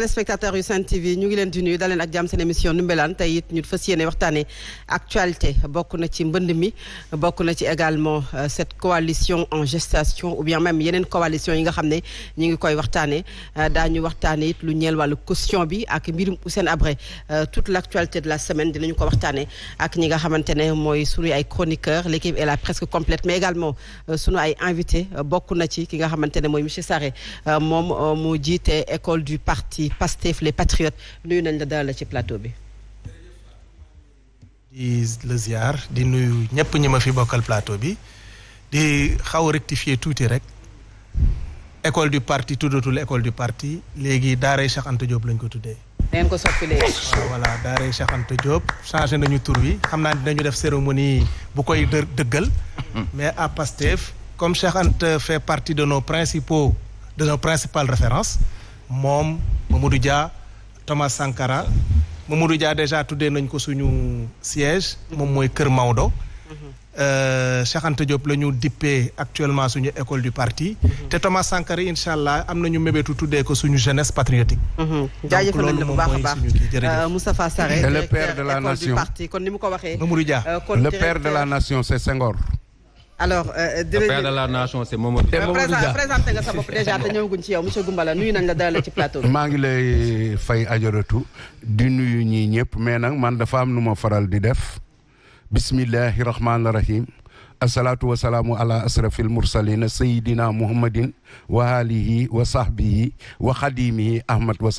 téléspectateurs yu Sen TV ñu ngi leen di nuyu daleen ak jàmm seen émission Ndoumbelane tey it ñu fas yéene waxtaanee actualité bokk na ci mbënd mi bokk na ci également euh, cette coalition en gestation ou bien même yeneen coalition yi nga xam ne ñu ngi koy waxtaanee euh, daañu waxtaanee it lu ñeel wàllu caution bi ak mbirum Hissène Habré euh, toute l' actualité de la semaine dinañu ko waxtaanee ak ñi nga xamante ne mooy sunu ay chroniqueurs l' équipe est presque complète mais également sunu ay invités bokk na ci ki nga xamante ne mooy monsieur Sarré moom mu jiite parti Pastef les patriotes nuyu nañ la daal la ci plateau bi. di la di nuyu ñëpp ñi ma fi bokkal plateau bi di xaw a rectifier tuuti rek école du parti tuddatul école du parti léegi daaray Cheikh Anta Diop lañ ko tuddee. neen ko soppi léegi. Ah, voilà daaray Cheikh Anta Diop nañu tur wi xam naa ne dinañu def cérémonie bu koy dë dëggal. mais à Pastef comme Cheikh fait partie de no principaux de nos principal références moom. Mamadou Dia Thomas Sankara Mamadou Dia déjà tuddee nañ ko suñu siège moom mooy Kër Maodo mhm. euh, Cheikh Anta Diop la ñu dippee actuellement suñu école du parti mhm. te Thomas Sankara incha allah am nañu mébétu tuddee ko suñu jeunesse patriotique mhm. jaajëfal nañ la bu a baax euh, Moustapha Sarré la nation kon ni mu ko waxee Mamadou Dia euh, le père de la nation c'est Senghor alors jërëjëf père de nga sa déjà te ñëwaguñ ci yow monsieur Goumbala nuyu nañ la dalal ci plateau maa ngi lay fay ajaratu di nuyu ñii ñëpp mais nag man dafa am nu ma faral di def bismillahi rahmaani rahim asalaatu wasalaamu ala asrafil mursalina sayidina muhammadin wa alihi wa sahbihi wa xadimihi ahmad wa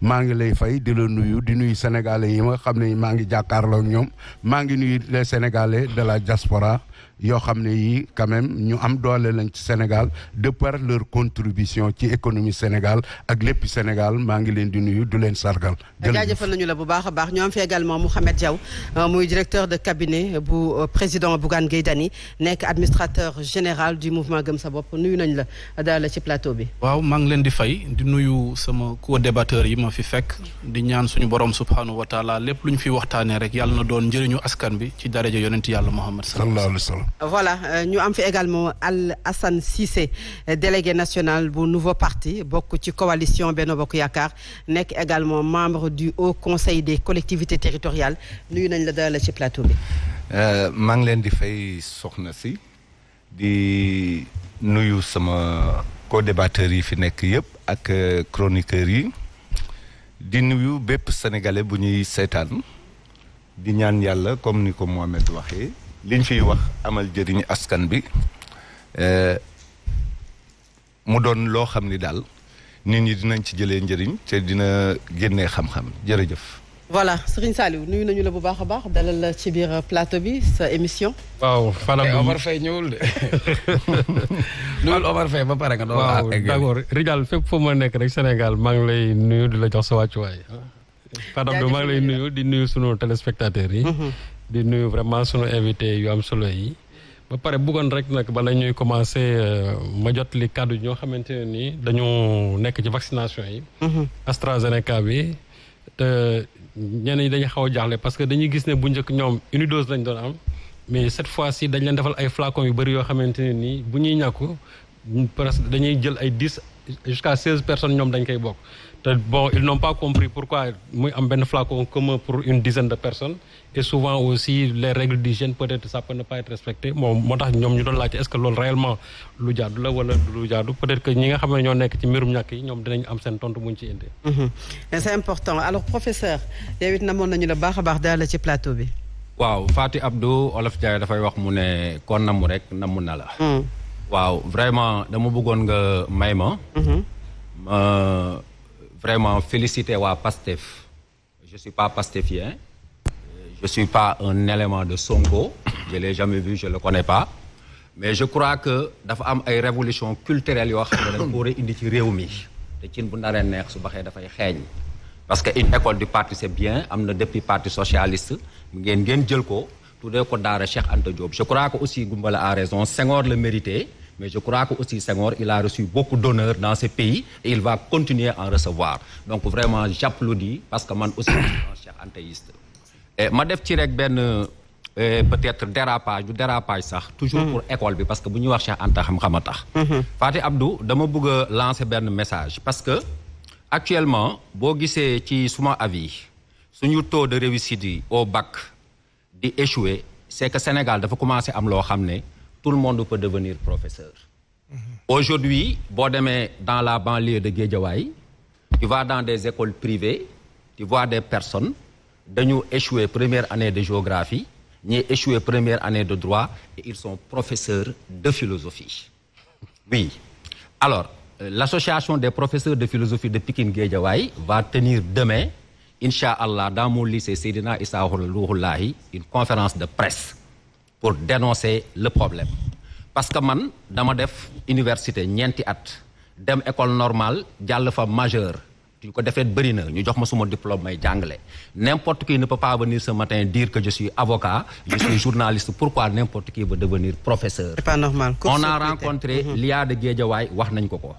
maa ngi lay fay di la nuyu di nuyu sénégalais yi nga xam ne maa ngi jàkkaarloo ak ñoom maa ngi nuyu les sénégalais de la diaspora yoo xam ne yii quand ñu am doole lañ ci Sénégal de par leur contribution ci économie Sénégal ak lépp Sénégal maa ngi leen di nuyu du leen sargal. jaajëfal nañu la bu baax a baax ñu am fi également Mouhamed Diaw euh, muy directeur de cabinet bu euh, président Bougane Gueye Dany nekk administrateur général du mouvement Gëm sa bopp nuyu nañ la daal ci plateau bi. waaw maa ngi leen di fay di nuyu sama co yi ma fi fekk di ñaan suñu borom subhanahu wa taala lépp lu ñu fi waxtaanee rek yàlla na doon njëriñu askan bi ci daraja yonent yàlla Muhammad sallallahu alayhi wa sallam voilà euh, ñu am fi également Al Assane Cissé euh, délégué national bu nouveau parti bokk ci coalition benn Bokk Yaakaar nekk également membre du haut conseil des collectivités territoriales nuyu nañ la dalal ci plateau bi. Euh, maa ngi leen di fay soxna si di nuyu sama co yi fi nekk yëpp ak chroniqueurs yi di nuyu bépp sénégalais bu ñuy seetaan di ñaan yàlla comme ni ko Mohamed waxee. liñ fi wax amal jëriñ askan bi eh, mu doon loo xam ni daal nit ñi dinañ ci jëlee njëriñ te dina génnee xam-xam jërëjëf. voilà Serigne Saliou nuyu nañu la bu baax a baax dalal la ci biir plateau bi sa émission. waaw Fana bu Omar Faye ñëwul de. nuyul Omar Faye ba pare nga doon. waaw d' accord Rijal fépp foo ma nekk rek Sénégal maa ngi lay nuyu di la jox sa wàccuwaay. Fatou Abdou maa ngi lay nuyu di nuyu sunu téléspectateurs yi. Mm-hmm. di nuyu vraiment sunu invité yu am solo yi. ba pare bëggoon rek nag bala ñuy commencé euh, ma jot li kàddu ñoo xamante ne nii dañu nekk ci vaccination yi. Mm-hmm. AstraZeneca bi te ñenn ñi dañu xaw a jaaxle parce que dañuy gis ne bu njëkk ñoom une dose lañ doon am mais cette fois ci dañ leen defal ay flacons yu bëri yoo xamante ne nii bu ñuy ñàkku presque dañuy jël ay dix jusqu'à seize personnes ñoom dañ koy bokk. te bon ils n'ont pas compris pourquoi muy am benn flacon commun pour une dizaine de personnes et souvent aussi les règles d'hygiène peut-être ça pas être respecté moo tax ñoom ñu doon laajte est-ce que loolu réellement lu jaadu la wala lu jaadu peut-être que ñi nga xam ne ñoo nekk ci mbirum ñàkk yi ñoom dinañ am seen tontu buñ ci indi. Mhm. c'est professeur yow it namoon nañu la baax a baax daal la ci plateau bi. waaw Fati Abdou Olof Diaye dafay wax mm. ma. Mhm. vraiment féliciter waa PASTEF je suis pas pastéfien euh, je suis pas un élément de Sonko je l'ai jamais vu je le connais pas mais je crois que dafa am ay révolution culturelle yoo xam ne dañ ko war a indi ci réew mi te cin bu naree neex su baxee dafay xeeñ parce que une école du parti c'est bien am na depuis parti socialiste ngeen ngeen jël ko dee ko daara Cheikh Anta Diop je crois que aussi Goumbala a raison Senghor le mérité mais je crois que aussi Senghor il a reçu beaucoup d'honneur dans ce pays il va continuer en recevoir donc vraiment j'applaudis parce que man aussi je suis un cheikh anthéiste ma def ci rek benn euh, peut-être dérapage du dérapage sax toujours pour école bi parce que bu ñuy wax Cheikh Anta xam-xam a tax Faty Abdou dama bëgg a benn message parce que actuellement boo gisee ci suma avis suñu taux de réussite yi au bac di échouer c'est que Sénégal dafa commencer am loo xam ne tout le monde peut devenir professeur. Mm -hmm. Aujourd'hui, boo demee dans la banlieue de Guédiawaye tu vas dans des écoles privées tu vois des personnes daño échoué première année de géographie ñi échoué première année de droit et ils sont professeurs de philosophie oui alors euh, l'association des professeurs de philosophie de Pikine Guédiawaye va tenir demain incha allah dans mon lycée Seydina Issa Rouhoullahi une conférence de presse pour dénoncer le problème parce que man dama def université ñeenti at dem école normale jàll fa majeur ñu ko defee bëri na ñu jox ma suma diplôme may jàngale n'importe qui ne peut pas venir ce matin dire que je suis avocat je suis journaliste pourquoi n'importe kii veut devenir professeur c'est pas normal on a rencontré mm-hmm. l'IA de wax nañ ko ko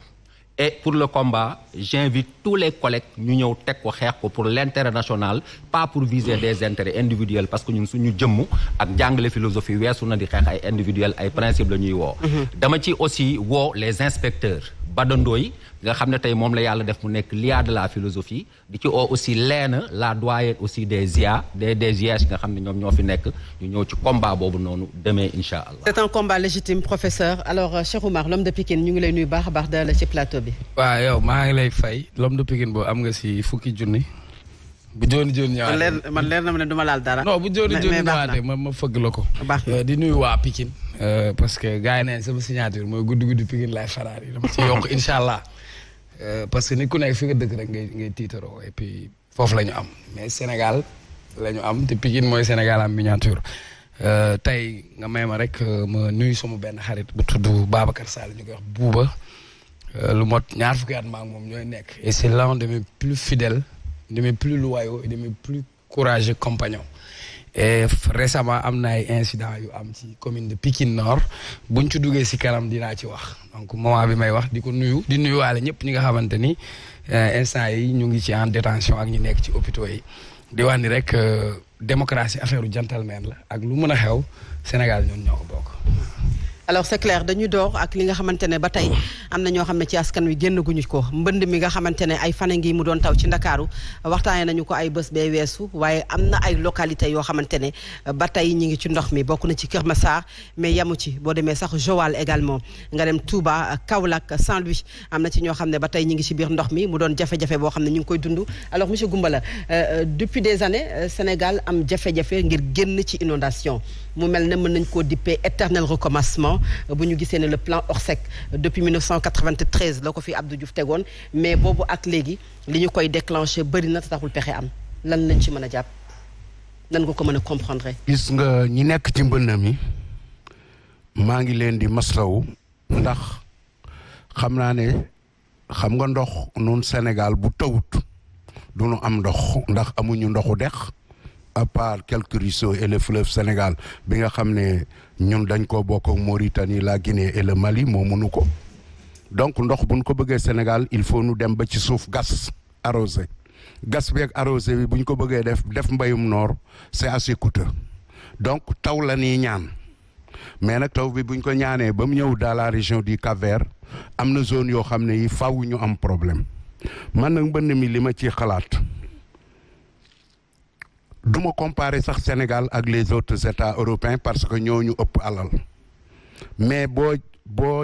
et pour le combat j'invite tous les collègues ñu ñëw teg ko xeex ko pour l'intérêt national pas pour viser des intérêts individuels parce que ñun suñu jëmm ak jàngale philosophie weesu na di xeex ay individuels ay principes la ñuy woo mm-hmm. dama ci aussi woo les inspecteurs Badandooy nga xam ne tey moom la yàlla def mu nekk lia de la philosophie di ci oo aussi leena la doyenne aussi des IA des des IES nga xam ne ñoom ñoo fi nekk ñu ñëw ci combat boobu noonu demee incha allah. c'est un combat légitime professeur alors euh, Cheikh Oumar l'homme de Pikine ñu ngi lay nuyu baax a baax dalal la ci plateau bi. waaw yow maa ngi lay fay l'homme de Pikine boobu am nga si fukki junni. bu jooni jooni ñëwaatee man leer na ma ne du laal dara. non bu jooni jooni ñëwaatee ma ma fëgg la ko. Euh, di nuyu waa Pikine. Euh, parce que gars yi neen sama signature mooy guddi guddi Pikine laay faraar yi dama ci yokk incha allah euh, parce que nit ku nekk fi nga dëkk rek ngay ngay tiitaroo et foofu la ñu am mais Sénégal la ñu am te Pikine mooy Sénégal am miniature. tey nga may ma rek ma nuyu sama benn xarit bu tudd Babacar Sall ñu koy wax buuba lu mot ñaar fukki at ma moom ñooy nekk et c'est l'un de mes plus fidèles de plus loyaux et plus courageux compagnons et récemment am na ay incidents yu am ci commune de Pikine Nord buñ ci duggee si kanam dinaa ci wax donc moment bi may wax di ko nuyu di nuyuwaale ñëpp ñi nga xamante ni euh, instant yi ñu ngi ci en détention ak ñu nekk ci hôpitaux yi di wax ni rek euh, démocratie affaire u gentleman la ak lu mën a xew Sénégal ñun ñoo bokk alors c'est clair dañuy door ak li nga xamante ne ba tey am na ñoo xam ne ci askan wi génn guñu ko mbënd mi nga xamante ne ay fane ngi mu doon taw ci ndakaaru waxtaanee nañu ko ay bés bee weesu waaye am na ay localité yoo xamante ne ba tey ñi ngi ci ndox mi bokk na ci Kër Massar mais yamu ci boo demee sax Joal également nga dem Touba Kaolack saint am na ci ñoo xam ne ba tey ñi ngi ci biir ndox mi mu doon jafe-jafe boo xam ne ñu ngi koy dund alors monsieur Goumbala euh, euh, depuis des années euh, Sénégal am jafe-jafe ngir génn ci inondation mu mel ne mën nañ koo dippee éternel recommencement bu ñu gisee ne le plan Orsec depuis 1993 la ko fi Abdou Diouf tegoon mais boobu ak léegi li ñu koy déclenché bëri na taxul pexe am lan lañ ci mën a jàpp nan nga ko mën a comprendre. gis nga ñi nekk ci mbënn mi maa ngi leen di maslawu ndax xam naa ne xam nga ndox nun Sénégal bu tawut du nu am ndox ndax amuñu ndoxu dex à part quelques ruisseaux Sénégal bi nga xam ne ñun dañ ko bokk ak Mauritanie la Guinée et le Mali moo mënu ko donc ndox buñ ko bëggee Sénégal il faut nu dem ba ci suuf gas arrosé gas beek arosé bi buñ ko bëggee def def mbayum noor c'est assez coûteux donc taw la ñuy ñaan mais nag taw bi buñ ko ñaanee ba mu ñëw dans la région di cap am na zone yoo xam ne yi faaw ñu am problème man nag mbënn mi li ma ci xalaat duma comparer sax Sénégal ak les autres états européens parce que ñu ëpp alal mais boo boo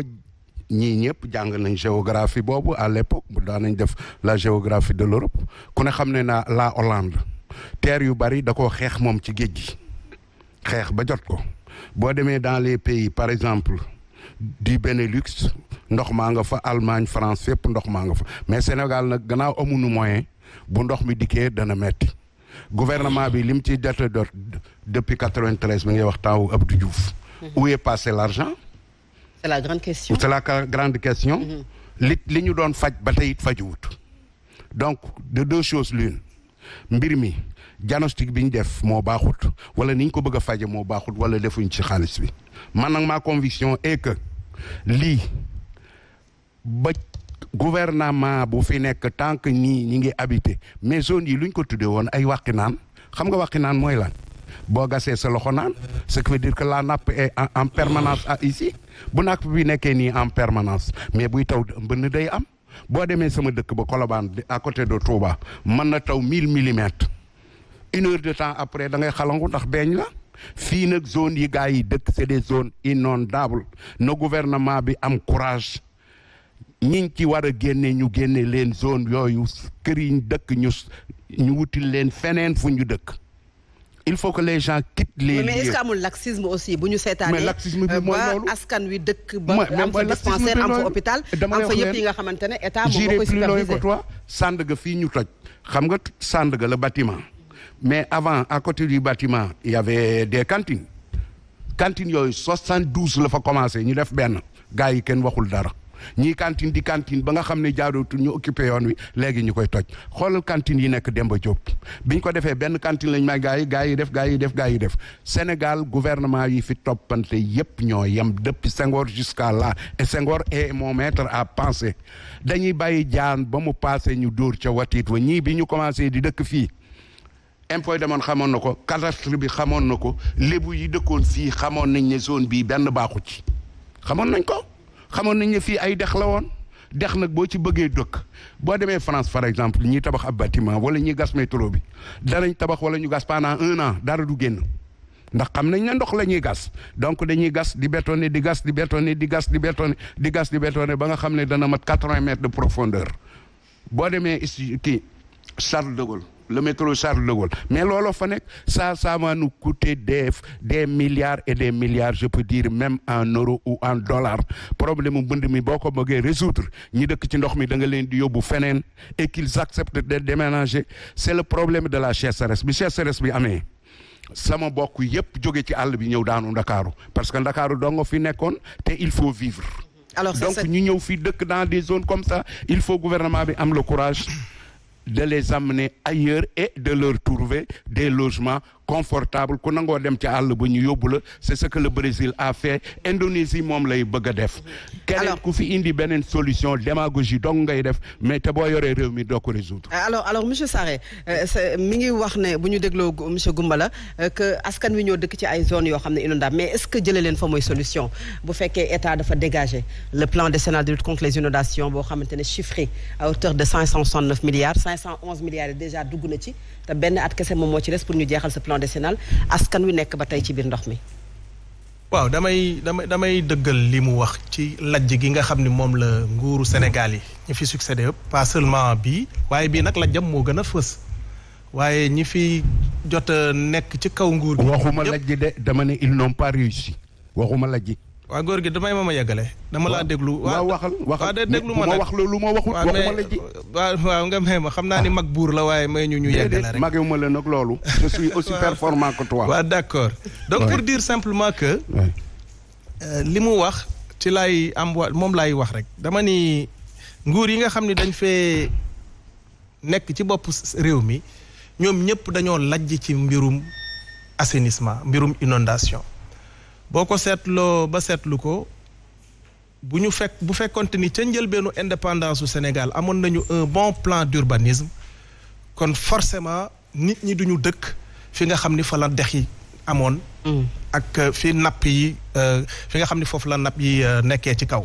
ñii ñëpp jàng nañ géographie boobu à l'époque bu daan nañ def la géographie de l'Europe ku ne xam ne na la Hollande terre yu bari da koo xeex moom ci géej gi xeex ba jot ko boo demee dans les pays par exemple du Benelux ndox maa nga fa Allemagne France fépp ndox maa nga fa mais Sénégal nag gannaaw amuñu moyen bu ndox mi dikkee dana metti gouvernement bi li mu ci jot dot depuis 93 mi ngi wax temps wu Abdou Diouf. Mhm. où est passé l'argent c'est la grande question c'est la grande question. Mhm. li li ñu doon faj ba tey it fajuwut donc de deux choses l'une mbir mi diagnostic bi ñu def moo baaxut wala ni ñu ko bëgg faje moo baaxut wala defuñ ci xaalis bi man nag ma conviction et que lii gouvernement bu fi nekk tant que ñii ñi ngi habité mais zone yi lu ñu ko tuddee woon ay wàqi naan xam nga wàqi naan mooy lan boo gasee sa loxo naan ce qui veut dire que la nappe est en permanence à ici bu napp bi nekkee nii en permanence mais buy taw mbënn day am boo demee sama dëkk ba Colobane à côté de Touba mën na taw mille millimètres une heure de temps après da ngay xalangu ndax beeñ la fii nag zone yi gars yi dëkk c'est des zones inondables na gouvernement bi am courage ñiñ ci war a génne ñu génne leen zone yooyu kër yi dëkk ñu ñu wutil leen feneen fu ñu dëkk il faut que les gens quittent les. mais est que amul laxisme aussi bu ñu seetaanee. mais laxisme bi mooy loolu askan wi dëkk. am fa dispensaire am fa hôpital am fa yëpp yi nga xamante ne état moom moo koy superviser toi Sandaga fii ñu toj xam nga Sandaga la bâtiment mais avant à côté du bâtiment il y avait des cantines cantines yooyu 72 la fa commencé ñu def benn gars yi kenn waxul dara. ñii cantine di cantine ba nga xam ne jaadootul ñu occupé yoon wi léegi ñu koy toj xool cantine yi nekk dem Demba Diop biñ ko defee benn cantine lañ may gaa yi gaa yi def gaa yi def gaa yi def Sénégal gouvernement yi fi toppante yépp ñoo yem dëpp sengoor jusqu'à là et Senghor est mon maître à penser dañuy bàyyi jaan ba mu passé ñu dóor ca watiit wa ñii bi ñu commencé di dëkk fii impôt demoon xamoon na ko cadastre bi xamoon na ko lébu yi dëkkoon fii xamoon nañ ne zone bii benn baaxu ci xamoon nañ ko xamoon nañ ne fii ay dex la woon dex nag boo ci bëggee dëkk boo demee France par exemple ñuy tabax ab bâtiment wala ñuy gas métro bi danañ tabax wala ñu gas pendant un an dara du génn ndax xam nañ ne ndox la ñuy gas donc dañuy gas di bétonné di gas di bétonné di gas di bétonné di gas di bétonné ba nga xam ne dana mat quatre-vingts mètres de profondeur boo demee kii Charles de Gaulle le métro Charles de Gaulle mais looloo fa nekk ça ça va nous coûter des des milliards et des milliards je peux dire même en euros ou en dollars problème mu mi boo ko bëggee résoudre ñi dëkk ci ndox mi da nga leen di yóbbu feneen et qu'ils acceptent de déménager c'est le problème de la sécheresse bi sécheresse bi amee sama bokk yépp jóge ci àll bi ñëw daanu ndakaaru parce que ndakaaru doo nga fi nekkoon te il faut vivre alors donc ñu ñëw fi dëkk dans des zones comme ça il faut bi am le courage de les amener ailleurs et de leur trouver des logements confortable ku nangoo dem ci àll ba ñu yóbbu la c'est ce que le Brésil a Indonésie moom lay bëgg def keneen ku fi indi beneen solution démagogie dong ngay def mais te boo yoree réew mi doo résoudre euh, alors alors monsieur Sarré euh, mi ngi wax ne bu ñu dégloo monsieur Goumbala euh, que askan wi ñoo dëkk ci ay zones yoo xam ne inondable mais est-ce que jëlee leen fa mooy solution bu fekkee état dafa dégager le plan décennal de lutte contre les inondations boo xamante décennal askan wi nekk ba tey ci biir ndox mi. waaw damay damay damay dëggal li mu wax ci lajj gi nga xam ni moom la nguuru Sénégal yi ñi fi succédé yëpp pas bii waaye bii nag lajjam moo gën a fës waaye ñi fi jot nekk ci kaw nguur gi. waxuma lajj de dama ne ils n'ont pas réussi waxuma lajj. waa góor gi damay ma ma yeggale. dama laa déglu waaw waxal waxal de déglu ma nag wax loolu ma waxul waxuma la nga may ma xam naa ni ah. mag buur la waaye may ñu ñu yeggale rek. magewu ma la nag loolu. je suis aussi performant que simplement euh, li mu wax ci lay am wa moom laay wax rek dama ni nguur yi nga xam ne dañ fee nekk ci bopp réew mi ñoom ñëpp dañoo lajj ci mbirum assainissement mbirum inondation boo ko seetloo ba seetlu ko bu ñu fekk bu fekkonte ni ca njëlbeenu indépendance su Sénégal amoon nañu un bon plan d'urbanisme kon forcément nit ñi duñu dëkk fi nga xam ni fa la dex yi amoon mm. ak euh, fi napp yi euh, fi nga xam ni foofu la napp yi euh, nekkee ci kaw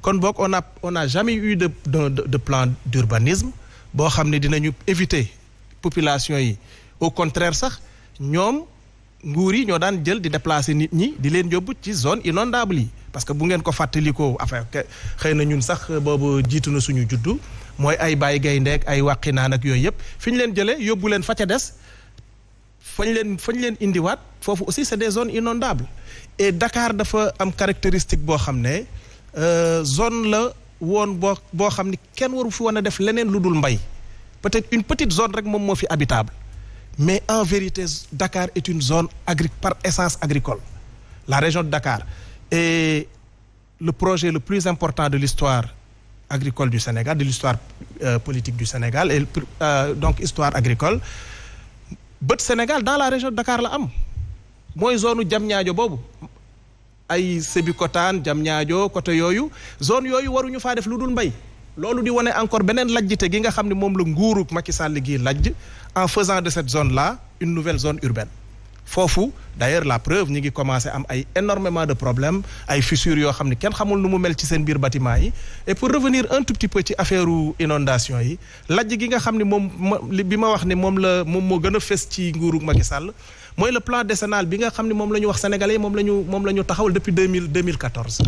kon boog on a on a jamais eu de de, de plan d'urbanisme boo xam ne dinañu éviter population yi au contraire sax ñoom nguur yi ñoo daan jël di déplacer nit ñi di leen yóbbu ci zone inondable yi parce que bu ngeen ko fàttalikoo affaire xëy na ñun sax boobu jiitu na suñu juddu mooy ay bàyyi gayndeek ay wàqinaan ak yooyu yëpp fi ñu leen jëlee yóbbu leen fa ca des fañ leen fañ leen indiwaat foofu aussi c'est des zones inondable et Dakar dafa am caractéristique boo xam ne euh, zone la woon boo boo xam ne kenn waru fi woon a def leneen lu dul mbay peut-être une petite zone rek moom moo fi habitable mais en vérité Dakar est une zone agri par essence agricole la région de Dakar et le projet le plus important de l'histoire agricole du Sénégal de l'histoire euh, politique du Sénégal et euh, donc histoire agricole bët Sénégal dans la région de Dakar la am mooy zone Diamniadio boobu ay jam Diamniadio côté yooyu zone yooyu waruñu faa def lu dul mbay loolu di wane encore beneen lajjite gi nga xam ne moom la nguurub Macky Sall gii lajj en faisant de cette zone là une nouvelle zone urbaine foofu d'ailleurs la preuve ñi ngi commencé am ay énormément de problème ay fissures yoo xam ne kenn xamul nu mu mel ci seen biir bâtiment yi et pour revenir un tout petit ci affaire inondation yi lajj gi nga xam ni moom bi ma wax ni moom la moom moo gën a fës ci nguurub Macky Sall mooy le plan décennal bi nga xam ñu wax sénégalais moom la ñu moom la ñu taxawal depuis deux mille deux mille quatorze